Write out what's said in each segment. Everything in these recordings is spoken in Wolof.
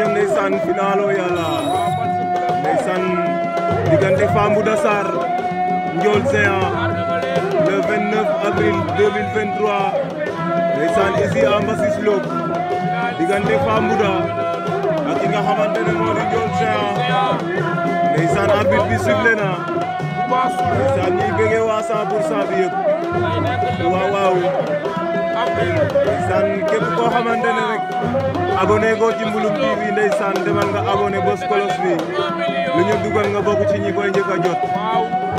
jëm ndeysaan final o yàlla ndeysaan diggante Fambouda Sarr Ndiol Géant le 29 avril 2023 ndeysaan ici à Mbassis Lop diggante Fambouda ak ki nga xamante ne moo di Ndiol Géant ndeysaan arbitre bi sifflé na ndeysaan ñuy bëggee waa 100 pour 100 bi yëpp waaw waaw ndeysaan képp koo xamante rek abonné goo ci Mboulouk TV bi ndeysaan demal nga abonné bos kolos bi ñu dugal nga bokk ci ñi koy njëkk jot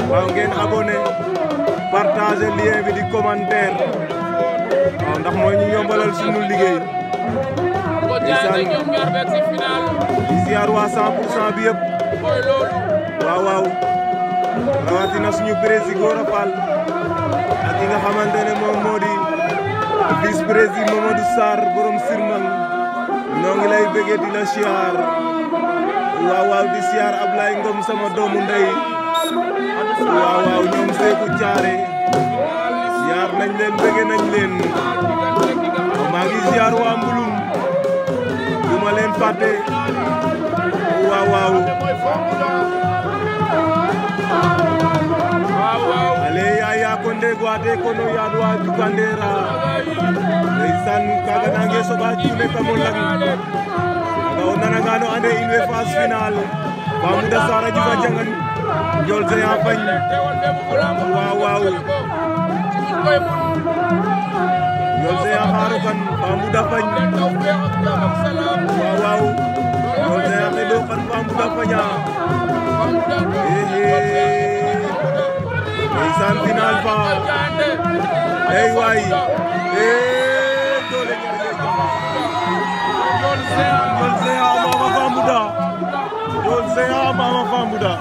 waaw ngeen abonné partagé lien bi di commentaire waaw ndax mooy ñu yombalal suñu liggéey ndeysaan di ziar waa 100 wow cent bi yëpp waaw waaw rawatina suñu président Gora Fall ak ki nga xamante ne moom vice président Mamadou borom Sirman ñoo ngi lay bëggee di la siyaar waaw waaw di siyaar Ablaye Ngom sama doomu ndey waaw waaw ñoom Seeku Caare siyaar nañ leen bëggee nañ leen maa ngi siyaar waa Mbulum du ma leen fàtte waaw waaw ale yaa yaa ko ndeg waa te kono ndeysaan kaaga nange soɓa cuune kamo lang kaaga o nananga no ande in way phase finale Mamouda Sarr a ƴufa jangan Ndiol Géant Fagne waaw waaw Ndiol Géant xa rokan Mamouda Fagne waaw waaw Ndiol a fa ey waay ee doole Ndiol Géant Ndiol Géant Mama Fambouda Ndiol Géant Mama Fambouda